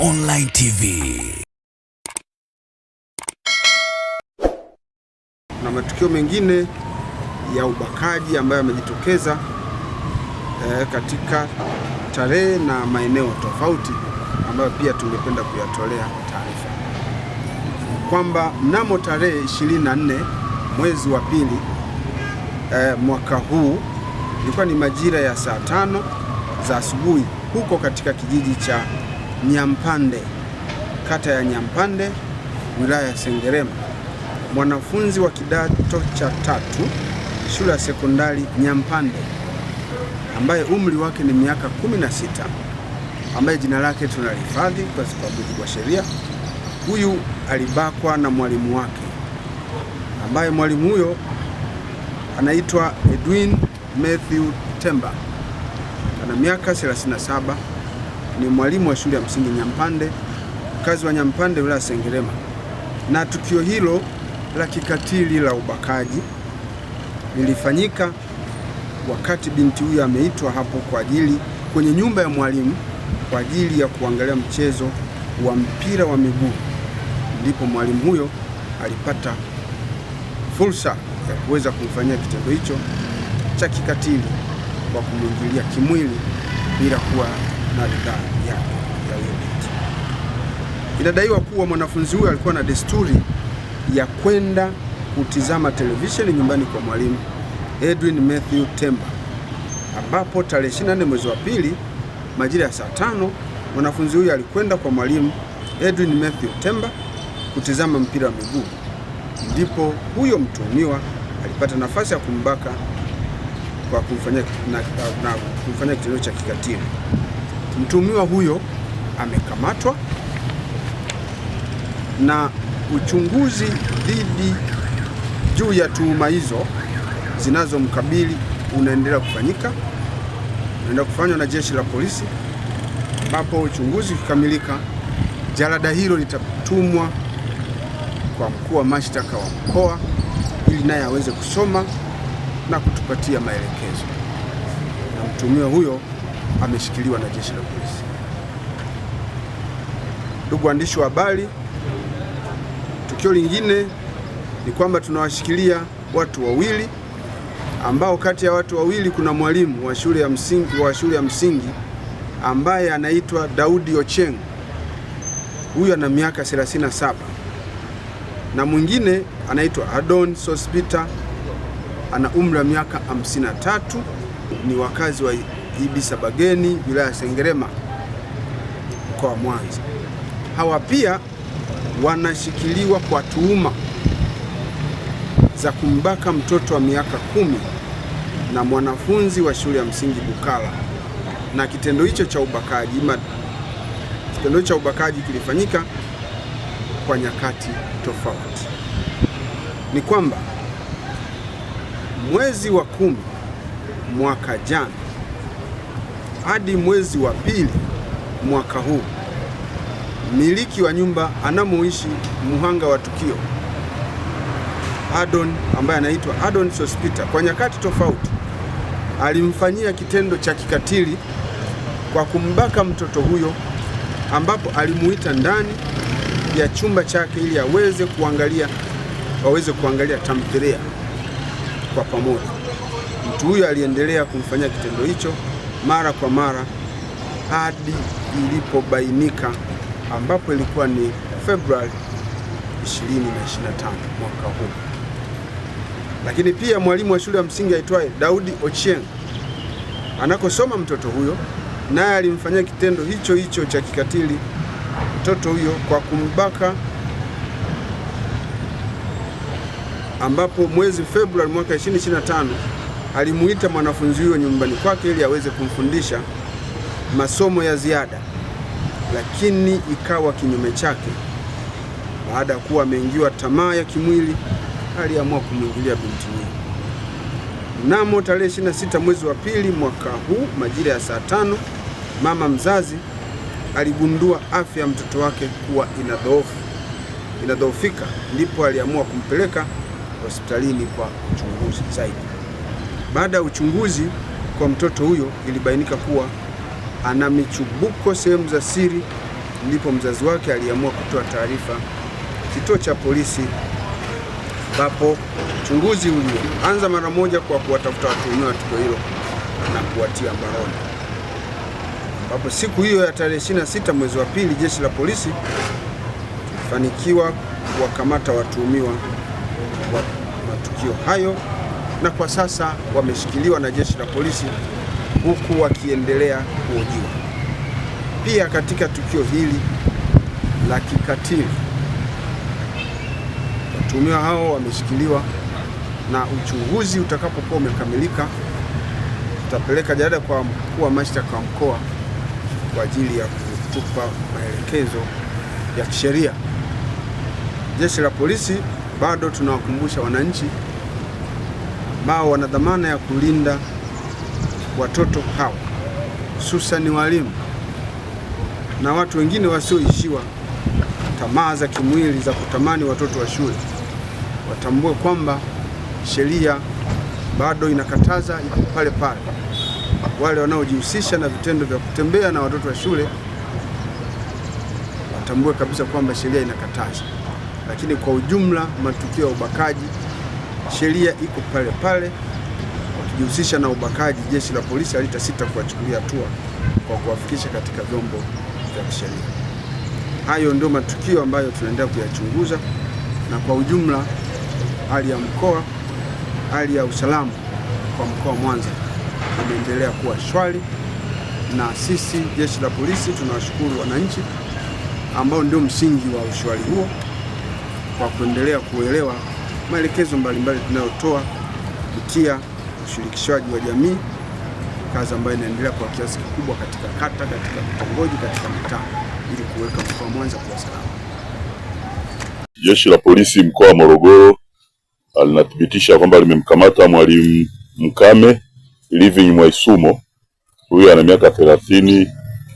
Online TV. Na matukio mengine ya ubakaji ambayo yamejitokeza eh, katika tarehe na maeneo tofauti ambayo pia tungependa kuyatolea taarifa kwamba mnamo tarehe 24 mwezi wa pili eh, mwaka huu ilikuwa ni majira ya saa tano za asubuhi huko katika kijiji cha Nyampande, kata ya Nyampande, wilaya ya Sengerema, mwanafunzi wa kidato cha tatu shule ya sekondari Nyampande ambaye umri wake ni miaka 16 ambaye jina lake tunalihifadhi kwa sababu wa sheria. Huyu alibakwa na mwalimu wake ambaye mwalimu huyo anaitwa Edwin Matthew Temba, ana miaka 37 ni mwalimu wa shule ya msingi Nyampande, mkazi wa Nyampande, wilaya Sengerema, na tukio hilo la kikatili la ubakaji lilifanyika wakati binti huyo ameitwa hapo kwa ajili kwenye nyumba ya mwalimu kwa ajili ya kuangalia mchezo wa mpira wa miguu, ndipo mwalimu huyo alipata fursa ya kuweza kumfanyia kitendo hicho cha kikatili kwa kumwingilia kimwili bila kuwa na ridhaa yake ya huyo binti. Inadaiwa kuwa mwanafunzi huyo alikuwa na desturi ya kwenda kutizama televisheni nyumbani kwa mwalimu Edwin Matthew Temba, ambapo tarehe 24 mwezi wa pili majira ya saa tano mwanafunzi huyo alikwenda kwa mwalimu Edwin Matthew Temba kutizama mpira wa miguu, ndipo huyo mtuhumiwa alipata nafasi ya kumbaka kwa kumfanyia na, na, na kumfanyia kitendo cha kikatili mtumiwa huyo amekamatwa na uchunguzi dhidi juu ya tuhuma hizo zinazomkabili unaendelea kufanyika, unaendelea kufanywa na jeshi la polisi, ambapo uchunguzi ukikamilika, jalada hilo litatumwa kwa mkuu wa mashtaka wa mkoa ili naye aweze kusoma na kutupatia maelekezo na mtumiwa huyo ameshikiliwa na jeshi la polisi. Ndugu waandishi wa habari, tukio lingine ni kwamba tunawashikilia watu wawili ambao kati ya watu wawili kuna mwalimu wa shule ya msingi, wa shule ya msingi ambaye anaitwa Daudi Ocheng. Huyu ana miaka 37 na mwingine anaitwa Adon Sospita ana umri wa miaka 53, ni wakazi wa Ibisa Bageni, wilaya ya Sengerema, mkoa wa Mwanza. Hawa pia wanashikiliwa kwa tuhuma za kumbaka mtoto wa miaka kumi na mwanafunzi wa shule ya msingi Bukala, na kitendo hicho cha ubakaji kitendo cha ubakaji kilifanyika kwa nyakati tofauti. Ni kwamba mwezi wa kumi mwaka jana hadi mwezi wa pili mwaka huu, miliki wa nyumba anamoishi mhanga wa tukio Adon ambaye anaitwa Adon Sospita kwa nyakati tofauti alimfanyia kitendo cha kikatili kwa kumbaka mtoto huyo, ambapo alimuita ndani ya chumba chake ili aweze kuangalia waweze kuangalia tamthilia kwa pamoja. Mtu huyo aliendelea kumfanyia kitendo hicho mara kwa mara hadi ilipobainika, ambapo ilikuwa ni Februari 2025 mwaka huu. Lakini pia mwalimu wa shule ya msingi aitwaye Daudi Ochieng anakosoma mtoto huyo, naye alimfanyia kitendo hicho hicho cha kikatili mtoto huyo kwa kumbaka, ambapo mwezi Februari mwaka 2025 alimuita mwanafunzi huyo nyumbani kwake ili aweze kumfundisha masomo ya ziada, lakini ikawa kinyume chake. Baada ya kuwa ameingiwa tamaa ya kimwili, aliamua kumwingilia binti huyo. Mnamo tarehe 26 mwezi wa pili mwaka huu, majira ya saa tano, mama mzazi aligundua afya ya mtoto wake kuwa inadhoofu inadhoofika, ndipo aliamua kumpeleka hospitalini kwa uchunguzi zaidi. Baada ya uchunguzi kwa mtoto huyo, ilibainika kuwa ana michubuko sehemu za siri, ndipo mzazi wake aliamua kutoa taarifa kituo cha polisi, ambapo uchunguzi ulioanza mara moja kwa kuwatafuta watuhumiwa wa tukio hilo na kuwatia mbaroni, ambapo siku hiyo ya tarehe 26 mwezi wa pili, jeshi la polisi fanikiwa kuwakamata watuhumiwa wa matukio hayo na kwa sasa wameshikiliwa na jeshi la polisi huku wakiendelea kuhojiwa. Pia katika tukio hili la kikatili, watuhumiwa hao wameshikiliwa na uchunguzi utakapokuwa umekamilika, tutapeleka jalada kwa mkuu wa mashtaka wa mkoa kwa ajili ya kutupa maelekezo ya kisheria. Jeshi la polisi, bado tunawakumbusha wananchi ambao wana dhamana ya kulinda watoto hawa, hususani walimu na watu wengine wasioishiwa tamaa za kimwili za kutamani watoto wa shule, watambue kwamba sheria bado inakataza ipo pale pale. Wale wanaojihusisha na vitendo vya kutembea na watoto wa shule watambue kabisa kwamba sheria inakataza. Lakini kwa ujumla, matukio ya ubakaji sheria iko pale pale. Wakijihusisha na ubakaji, jeshi la polisi halitasita kuwachukulia hatua kwa kuwafikisha katika vyombo vya kisheria. Hayo ndio matukio ambayo tunaendelea kuyachunguza, na kwa ujumla hali ya mkoa, hali ya usalama kwa mkoa wa Mwanza imeendelea kuwa shwari, na sisi jeshi la polisi tunawashukuru wananchi ambao ndio msingi wa ushwari huo kwa kuendelea kuelewa maelekezo mbalimbali tunayotoa kupitia ushirikishwaji wa jamii, kazi ambayo inaendelea kwa kiasi kikubwa katika kata, katika vitongoji, katika mitaa ili kuweka mkoa wa Mwanza kuwa salama. Jeshi la polisi mkoa wa Morogoro ah, linathibitisha kwamba limemkamata Mwalimu Mkame Living Mwaisumo, huyu ana miaka thelathini,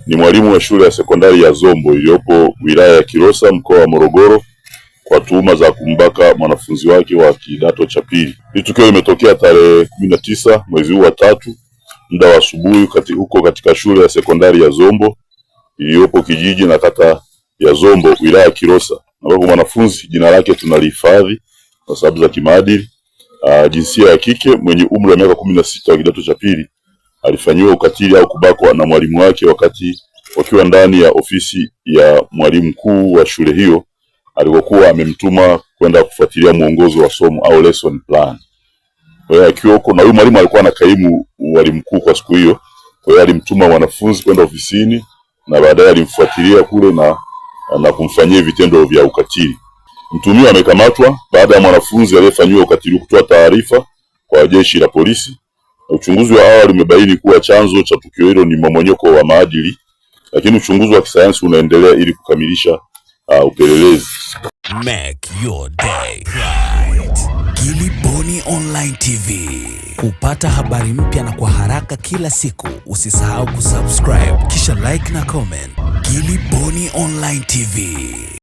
ni mwalimu wa shule ya sekondari ya Zombo iliyopo wilaya ya Kilosa mkoa wa Morogoro kwa tuhuma za kumbaka mwanafunzi wake wa kidato cha pili. Hili tukio limetokea tarehe kumi na tisa mwezi huu wa tatu muda wa asubuhi kati huko katika shule ya sekondari ya Zombo iliyopo kijiji na kata ya Zombo wilaya ya Kilosa, ambapo mwanafunzi jina lake tunalihifadhi kwa sababu za kimaadili, ah, jinsia ya kike, mwenye umri wa miaka kumi na sita wa kidato cha pili alifanyiwa ukatili au kubakwa na mwalimu wake wakati wakiwa ndani ya ofisi ya mwalimu mkuu wa shule hiyo alivyokuwa amemtuma kwenda kufuatilia mwongozo wa somo au lesson plan. Kwa hiyo akiwa huko na huyu mwalimu alikuwa na kaimu walimu mkuu kwa siku hiyo, kwa hiyo alimtuma wanafunzi kwenda ofisini na baadaye alimfuatilia kule na, na kumfanyia vitendo vya ukatili. Mtumio amekamatwa baada ya mwanafunzi aliyefanyiwa ukatili kutoa taarifa kwa jeshi la polisi. Uchunguzi wa awali umebaini kuwa chanzo cha tukio hilo ni mmomonyoko wa maadili, lakini uchunguzi wa kisayansi unaendelea ili kukamilisha uh, upelelezi. Make your day right. Gilly Bonny Online TV. Kupata habari mpya na kwa haraka kila siku, usisahau kusubscribe kisha like na comment. Gilly Bonny Online TV.